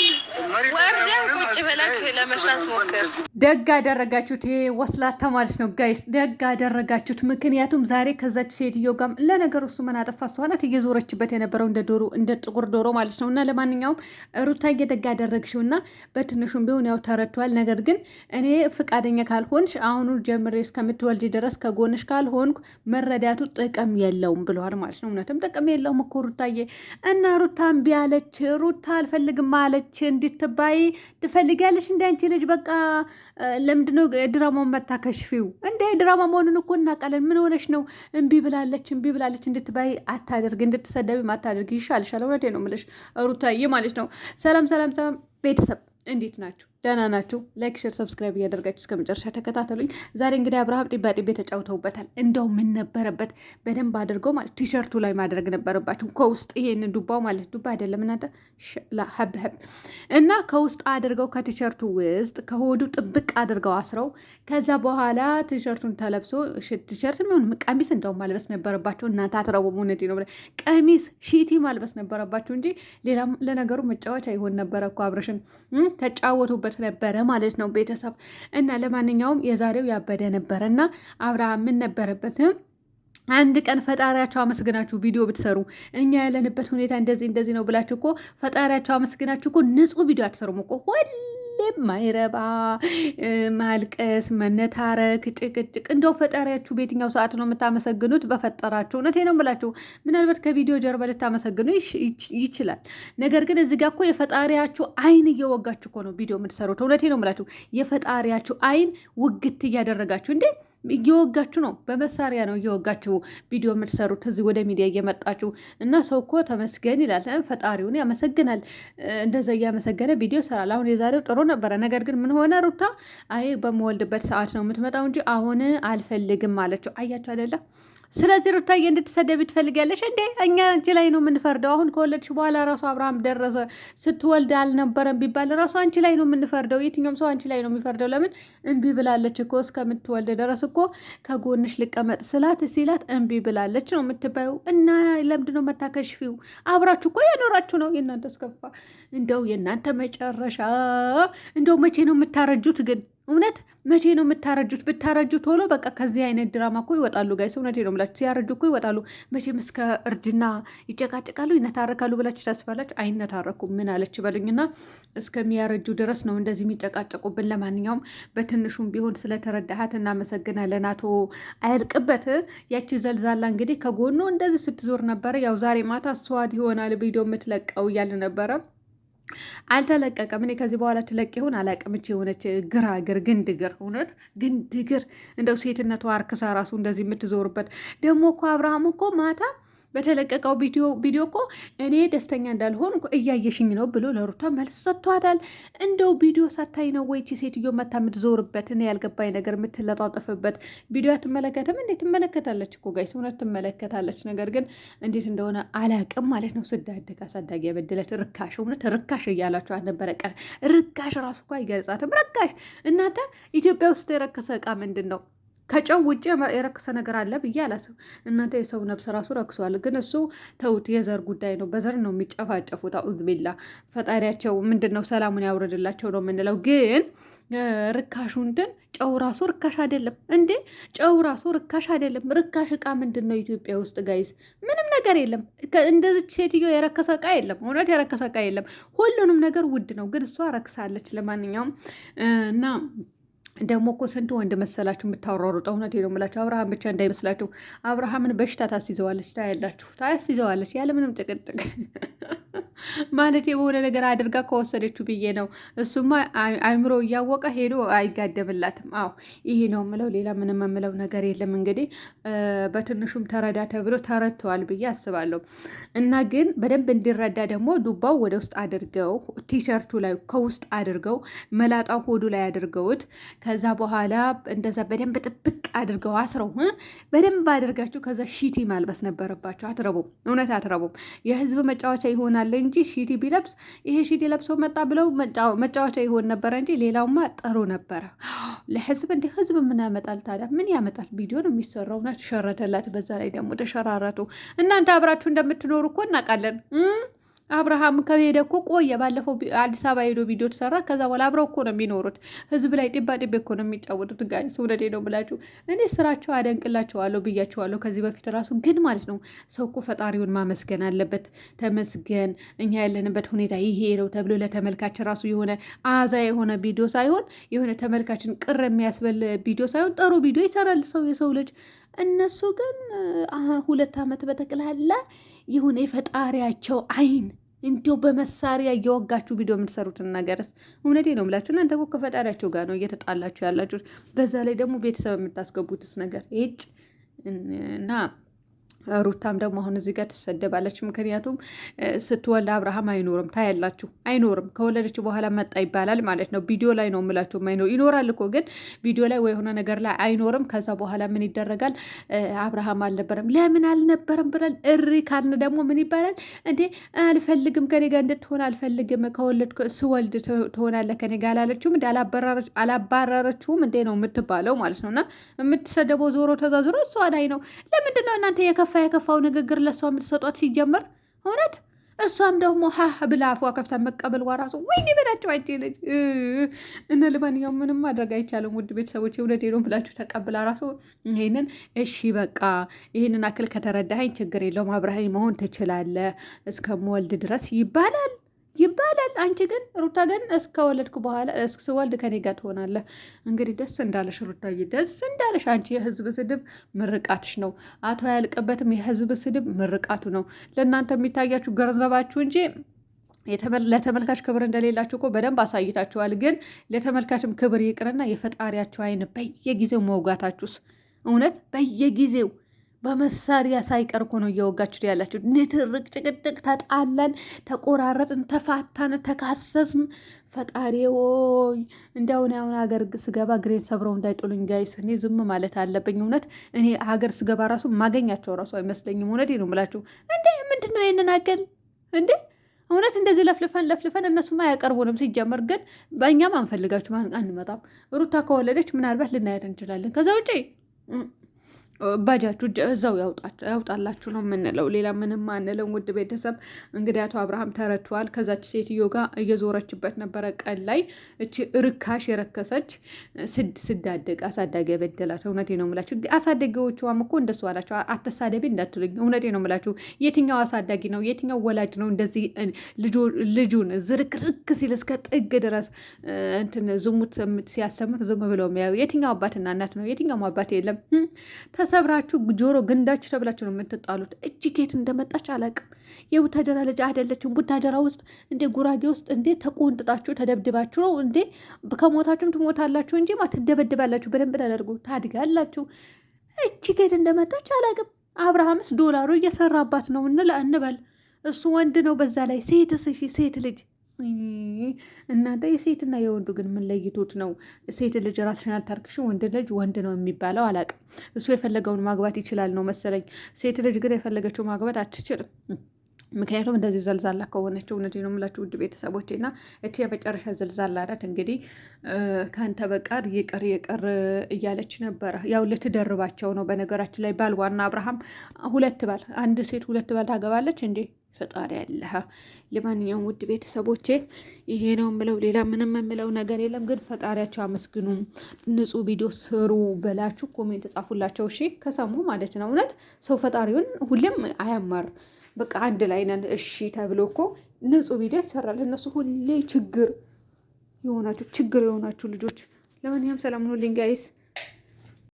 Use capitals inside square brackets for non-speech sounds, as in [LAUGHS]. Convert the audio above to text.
ይበል። ወርደህ ቁጭ ብለህ ለመሻት ሞክር። ደግ አደረጋችሁት። ይሄ ወስላታ ማለት ነው ጋይስ፣ ደግ አደረጋችሁት። ምክንያቱም ዛሬ ከዛች ሴትዮ ጋም ለነገሩ እሱ ምን አጠፋ? ሰሆናት እየዞረችበት የነበረው እንደ ዶሮ እንደ ጥቁር ዶሮ ማለት ነው። እና ለማንኛውም ሩታዬ ደግ አደረግሽው እና በትንሹም ቢሆን ያው ተረድቷል። ነገር ግን እኔ ፍቃደኛ ካልሆንሽ አሁኑ ጀምሬ እስከምትወልጅ ድረስ ከጎንሽ ካልሆንኩ መረዳቱ ጥቅም የለውም ብለዋል ማለት ነው። እውነትም ጥቅም የለውም እኮ ሩታዬ። እና ሩታ እምቢ አለች። ሩታ አልፈልግም አለች። እንድትባይ ትፈልጊያለሽ እንደ ልጅ በቃ ለምንድነው ድራማውን መታከሽፊው? እንደ ድራማ መሆኑን እኮ እናውቃለን። ምን ሆነሽ ነው? እምቢ ብላለች፣ እምቢ ብላለች እንድትባይ አታደርግ፣ እንድትሰደብም አታደርግ። ይሻልሻል። እውነቴን ነው የምልሽ ሩታዬ ማለት ነው። ሰላም፣ ሰላም፣ ሰላም ቤተሰብ እንዴት ናችሁ? ደህና ናችሁ? ላይክ ሼር ሰብስክራይብ እያደረጋችሁ እስከ መጨረሻ ተከታተሉኝ። ዛሬ እንግዲህ አብርሃም ጢባ ተጫውተውበታል። እንደው ምን ነበረበት በደንብ አድርገው ማለት ቲሸርቱ ላይ ማድረግ ነበረባቸው ከውስጥ ይሄን ዱባው ማለት ዱባ አይደለም እናንተ ሀብ እና ከውስጥ አድርገው ከቲሸርቱ ውስጥ ከሆዱ ጥብቅ አድርገው አስረው ከዛ በኋላ ቲሸርቱን ተለብሶ ቲሸርት ሆን ቀሚስ እንደው ማልበስ ነበረባቸው። እናንተ አትረቡ እውነቴ ነው ቀሚስ ሺቲ ማልበስ ነበረባቸው እንጂ ሌላ ለነገሩ መጫወቻ ይሆን ነበረ እኮ አብረሽን ተጫወቱበት ተጨምሮበት ነበረ ማለት ነው ቤተሰብ እና ለማንኛውም የዛሬው ያበደ ነበረ እና አብርሃም ምን ነበረበት አንድ ቀን ፈጣሪያቸው አመስግናችሁ ቪዲዮ ብትሰሩ እኛ ያለንበት ሁኔታ እንደዚህ እንደዚህ ነው ብላችሁ እኮ ፈጣሪያቸው አመስግናችሁ እኮ ንጹህ ቪዲዮ አትሰሩም እኮ ሁል የማይረባ ማልቀስ፣ መነታረክ፣ ጭቅጭቅ እንደው ፈጣሪያችሁ በየትኛው ሰዓት ነው የምታመሰግኑት? በፈጠራችሁ እውነቴ ነው ብላችሁ ምናልባት ከቪዲዮ ጀርባ ልታመሰግኑ ይችላል። ነገር ግን እዚህ ጋር እኮ የፈጣሪያችሁ አይን እየወጋችሁ እኮ ነው ቪዲዮ የምትሰሩት። እውነቴ ነው ብላችሁ የፈጣሪያችሁ አይን ውግት እያደረጋችሁ እንዴ እየወጋችሁ ነው፣ በመሳሪያ ነው እየወጋችሁ ቪዲዮ የምትሰሩት እዚህ ወደ ሚዲያ እየመጣችሁ እና ሰው እኮ ተመስገን ይላል፣ ፈጣሪውን ያመሰግናል። እንደዛ እያመሰገነ ቪዲዮ ይሰራል። አሁን የዛሬው ጥሩ ነበረ። ነገር ግን ምን ሆነ? ሩታ አይ በምወልድበት ሰዓት ነው የምትመጣው እንጂ አሁን አልፈልግም አለችው። አያችሁ አይደለም ስለዚህ ሩታዬ እንድትሰደብ ትፈልጊያለሽ እንዴ? እኛ አንቺ ላይ ነው የምንፈርደው። አሁን ከወለድሽ በኋላ ራሱ አብርሃም ደረሰ ስትወልድ አልነበረም ቢባል ራሱ አንቺ ላይ ነው የምንፈርደው። የትኛውም ሰው አንቺ ላይ ነው የሚፈርደው። ለምን እምቢ ብላለች እኮ እስከምትወልድ ድረስ እኮ ከጎንሽ ልቀመጥ ስላት ሲላት እምቢ ብላለች ነው የምትባዩ። እና ለምንድን ነው መታከሽፊው? አብራችሁ እኮ የኖራችሁ ነው። የእናንተ አስከፋ። እንደው የእናንተ መጨረሻ እንደው መቼ ነው የምታረጁት ግን እውነት መቼ ነው የምታረጁት? ብታረጁ ቶሎ በቃ ከዚህ አይነት ድራማ እኮ ይወጣሉ ጋይ ሰው ነው የምላችሁ፣ ሲያረጁ እኮ ይወጣሉ። መቼም እስከ እርጅና ይጨቃጭቃሉ፣ ይነታረካሉ ብላችሁ ታስባላችሁ። አይነታረኩ ምን አለች በሉኝና እስከሚያረጁ ድረስ ነው እንደዚህ የሚጨቃጨቁብን። ለማንኛውም በትንሹም ቢሆን ስለተረዳሃት እናመሰግናለን። አቶ አያልቅበት ያቺ ዘልዛላ እንግዲህ ከጎኑ እንደዚህ ስትዞር ነበረ። ያው ዛሬ ማታ ስዋድ ይሆናል ቪዲዮ የምትለቀው እያል ነበረ አልተለቀቀም። እኔ ከዚህ በኋላ ትለቅ ይሆን አላቅም። የሆነች ግራግር ግንድግር እውነት ግንድግር እንደው ሴትነቱ አርክሳ ራሱ እንደዚህ የምትዞርበት ደግሞ እኮ አብርሃም እኮ ማታ በተለቀቀው ቪዲዮ እኮ እኔ ደስተኛ እንዳልሆን እያየሽኝ ነው ብሎ ለሩታ መልስ ሰጥቷታል። እንደው ቪዲዮ ሳታይ ነው ወይቺ ሴትዮ መታ የምትዞርበት እኔ ያልገባኝ ነገር የምትለጣጠፍበት ቪዲዮ አትመለከትም እንዴት ትመለከታለች እኮ ጋይስ፣ እውነት ትመለከታለች። ነገር ግን እንዴት እንደሆነ አላቅም ማለት ነው። ስዳደግ አሳዳጊ ያበደለት ርካሽ፣ እውነት ርካሽ እያላችሁ አልነበረ ቀን ርካሽ ራሱ እኮ አይገልጻትም። ርካሽ እናንተ ኢትዮጵያ ውስጥ የረከሰ እቃ ምንድን ነው? ከጨው ውጭ የረከሰ ነገር አለ ብዬ አላስብ። እናንተ የሰው ነብስ ራሱ ረክሷል። ግን እሱ ተውት፣ የዘር ጉዳይ ነው። በዘር ነው የሚጨፋጨፉት። አዑዝ ቢላ ፈጣሪያቸው ምንድን ነው ሰላሙን ያውረድላቸው ነው የምንለው። ግን ርካሹ እንትን ጨው ራሱ ርካሽ አይደለም እንዴ! ጨው ራሱ ርካሽ አይደለም። ርካሽ እቃ ምንድን ነው ኢትዮጵያ ውስጥ ጋይዝ? ምንም ነገር የለም። እንደዚች ሴትዮ የረከሰ እቃ የለም። እውነት የረከሰ እቃ የለም። ሁሉንም ነገር ውድ ነው። ግን እሷ ረክሳለች። ለማንኛውም እና ደግሞ እኮ ስንት ወንድ መሰላችሁ የምታወራሩጠው? እውነቴን ነው የምላችሁ። አብርሃም ብቻ እንዳይመስላችሁ። አብርሃምን በሽታ ታስይዘዋለች፣ ታያላችሁ፣ ታስይዘዋለች ያለምንም ጥቅጥቅ [LAUGHS] ማለት በሆነ ነገር አድርጋ ከወሰደችው ብዬ ነው። እሱማ አይምሮ እያወቀ ሄዶ አይጋደብላትም አዎ ይሄ ነው የምለው፣ ሌላ ምንም የምለው ነገር የለም። እንግዲህ በትንሹም ተረዳ ተብሎ ተረድተዋል ብዬ አስባለሁ። እና ግን በደንብ እንዲረዳ ደግሞ ዱባው ወደ ውስጥ አድርገው ቲሸርቱ ላይ ከውስጥ አድርገው መላጣው ሆዱ ላይ አድርገውት ከዛ በኋላ እንደዛ በደንብ ጥብቅ አድርገው አስረው በደንብ አድርጋችሁ ከዛ ሺቲ ማልበስ ነበረባቸው። አትረቡም፣ እውነት አትረቡም። የህዝብ መጫወቻ ይሆናል እንጂ ሺቲ ቢለብስ ይሄ ሺቲ ለብሰው መጣ ብለው መጫወቻ ይሆን ነበረ እንጂ ሌላውማ ጥሩ ነበረ። ለህዝብ እንዲህ ህዝብ ምን ያመጣል ታዲያ? ምን ያመጣል? ቪዲዮ ነው የሚሰራው። ተሸረተላት። በዛ ላይ ደግሞ ተሸራረቱ። እናንተ አብራችሁ እንደምትኖሩ እኮ እናውቃለን። አብርሃም ከሄደ እኮ ቆየ። ባለፈው አዲስ አበባ ሄዶ ቪዲዮ ተሰራ። ከዛ በኋላ አብረው እኮ ነው የሚኖሩት። ህዝብ ላይ ጢባ ጢቤ እኮ ነው የሚጫወቱት። ጋይስ እውነቴ ነው ብላችሁ እኔ ስራቸው አደንቅላቸዋለሁ ብያቸዋለሁ ከዚህ በፊት ራሱ። ግን ማለት ነው ሰው እኮ ፈጣሪውን ማመስገን አለበት። ተመስገን እኛ ያለንበት ሁኔታ ይሄ ነው ተብሎ ለተመልካች ራሱ የሆነ አዛ የሆነ ቪዲዮ ሳይሆን የሆነ ተመልካችን ቅር የሚያስበል ቪዲዮ ሳይሆን ጥሩ ቪዲዮ ይሰራል ሰው የሰው ልጅ እነሱ ግን ሁለት ዓመት በጠቅላላ የሆነ የፈጣሪያቸው አይን እንዲው በመሳሪያ እየወጋችሁ ቪዲዮ የምትሰሩትን ነገርስ እውነቴ ነው ብላችሁ እናንተ እኮ ከፈጣሪያቸው ጋር ነው እየተጣላችሁ ያላችሁት። በዛ ላይ ደግሞ ቤተሰብ የምታስገቡትስ ነገር ጭ እና ሩታም ደግሞ አሁን እዚህ ጋር ትሰደባለች። ምክንያቱም ስትወልድ አብርሃም አይኖርም፣ ታያላችሁ፣ አይኖርም። ከወለደች በኋላ መጣ ይባላል ማለት ነው። ቪዲዮ ላይ ነው የምላችሁ። አይኖር ይኖራል እኮ ግን ቪዲዮ ላይ ወይ የሆነ ነገር ላይ አይኖርም። ከዛ በኋላ ምን ይደረጋል? አብርሃም አልነበረም። ለምን አልነበረም ብለን እሪ ካልን ደግሞ ምን ይባላል? እንዴ አልፈልግም፣ ከኔ ጋር እንድትሆን አልፈልግም፣ ከወለድ ስወልድ ትሆናለ ከኔ ጋር አላለችውም፣ እንደ አላባረረችውም እንዴ ነው የምትባለው ማለት ነው። እና የምትሰደበው ዞሮ ተዛዝሮ እሷ ላይ ነው። ለምንድነው እናንተ የከፍ የከፋ የከፋው ንግግር ለሷ የምትሰጧት ሲጀምር እውነት እሷም ደግሞ ሀ ብላ አፏ ከፍታ መቀበል ዋራሱ ወይኔ በላቸው አንቺ ልጅ እና ለማንኛውም ምንም ማድረግ አይቻልም። ውድ ቤተሰቦች የእውነት ሄዶን ብላችሁ ተቀብላ ራሱ ይሄንን እሺ በቃ ይሄንን አክል ከተረዳኸኝ ችግር የለውም አብረኸኝ መሆን ትችላለህ እስከምወልድ ድረስ ይባላል። ይባላል። አንቺ ግን ሩታ ግን እስከወለድኩ በኋላ እስወልድ ከኔ ጋር ትሆናለህ። እንግዲህ ደስ እንዳለሽ ሩታዬ፣ ደስ እንዳለሽ። አንቺ የህዝብ ስድብ ምርቃትሽ ነው። አቶ ያልቀበትም የህዝብ ስድብ ምርቃቱ ነው። ለእናንተ የሚታያችሁ ገንዘባችሁ እንጂ ለተመልካች ክብር እንደሌላቸው እኮ በደንብ አሳይታችኋል። ግን ለተመልካችም ክብር ይቅርና የፈጣሪያቸው አይን በየጊዜው መውጋታችሁስ እውነት በየጊዜው በመሳሪያ ሳይቀር እኮ ነው እየወጋችሁ ያላችሁ። ንትርቅ፣ ጭቅጭቅ፣ ተጣላን፣ ተቆራረጥን፣ ተፋታን፣ ተካሰስም። ፈጣሪ ወይ እንደውን ያሁን ሀገር ስገባ ግሬን ሰብረው እንዳይጥሉኝ ጋይስ። እኔ ዝም ማለት አለብኝ እውነት። እኔ ሀገር ስገባ ራሱ ማገኛቸው ራሱ አይመስለኝም። እውነት ነው ብላችሁ እንዴ ምንድን ነው ይህንን አገል እንዴ እውነት እንደዚህ ለፍልፈን ለፍልፈን እነሱም አያቀርቡንም። ሲጀመር ግን በእኛም አንፈልጋችሁም፣ አንመጣም። ሩታ ከወለደች ምናልባት ልናያት እንችላለን። ከዛ ውጪ ባጃችሁ እዛው ያውጣላችሁ ነው የምንለው። ሌላ ምንም አንለው። ውድ ቤተሰብ እንግዲህ አቶ አብርሃም ተረድተዋል። ከዛች ሴትዮ ጋር እየዞረችበት ነበረ ቀን ላይ እቺ ርካሽ የረከሰች ስዳደግ አሳዳጊ የበደላት። እውነቴ ነው የምላችሁ። አሳዳጊዎቿም እኮ እንደሱ አላቸው። አተሳደቢ እንዳትሉኝ። እውነቴ ነው የምላችሁ። የትኛው አሳዳጊ ነው የትኛው ወላጅ ነው እንደዚህ ልጁን ዝርክርክ ሲል እስከ ጥግ ድረስ እንትን ዝሙት ሲያስተምር ዝም ብለው የሚያዩ የትኛው አባትና እናት ነው? የትኛውም አባት የለም። ተሰብራችሁ ጆሮ ግንዳችሁ ተብላችሁ ነው የምትጣሉት። እጅ እንደመጣች አላውቅም። የቡታጀራ ልጅ አይደለችም። ቡታጀራ ውስጥ እንዴ ጉራጌ ውስጥ እንዴ ተቆንጥጣችሁ ተደብድባችሁ ነው እንዴ? ከሞታችሁም ትሞታላችሁ እንጂ ትደበድባላችሁ። በደንብ ተደርጎ ታድጋላችሁ። እጅ ኬት እንደመጣች አላቅም። አብርሃምስ ዶላሩ እየሰራባት ነው እንበል። እሱ ወንድ ነው። በዛ ላይ ስሺ ሴት ልጅ እናንተ የሴትና የወንዱ ግን ምን ለይቶት ነው? ሴት ልጅ ራስሽን አታርክሽ፣ ወንድ ልጅ ወንድ ነው የሚባለው አላውቅም። እሱ የፈለገውን ማግባት ይችላል ነው መሰለኝ። ሴት ልጅ ግን የፈለገችው ማግባት አትችልም። ምክንያቱም እንደዚህ ዘልዛላ ከሆነች እውነት ነው የምላችሁ ውድ ቤተሰቦች እና እቺ የመጨረሻ ዘልዛላ ናት። እንግዲህ ከአንተ በቀር ይቅር ይቅር እያለች ነበረ። ያው ልትደርባቸው ነው። በነገራችን ላይ ባል ዋና አብርሃም ሁለት ባል አንድ ሴት ሁለት ባል ታገባለች እንዴ? ፈጣሪ ያለ። ለማንኛውም ውድ ቤተሰቦቼ ይሄ ነው የምለው፣ ሌላ ምንም የምለው ነገር የለም። ግን ፈጣሪያቸው አመስግኑ፣ ንጹህ ቪዲዮ ስሩ በላችሁ ኮሜንት ጻፉላቸው። እሺ ከሰሙ ማለት ነው። እውነት ሰው ፈጣሪውን ሁሌም አያማር። በቃ አንድ ላይ ነን እሺ ተብሎ እኮ ንጹህ ቪዲዮ ይሰራል። እነሱ ሁሌ ችግር የሆናችሁ ችግር የሆናችሁ ልጆች፣ ለማንኛውም ሰላም ሁኑልኝ ጋይስ።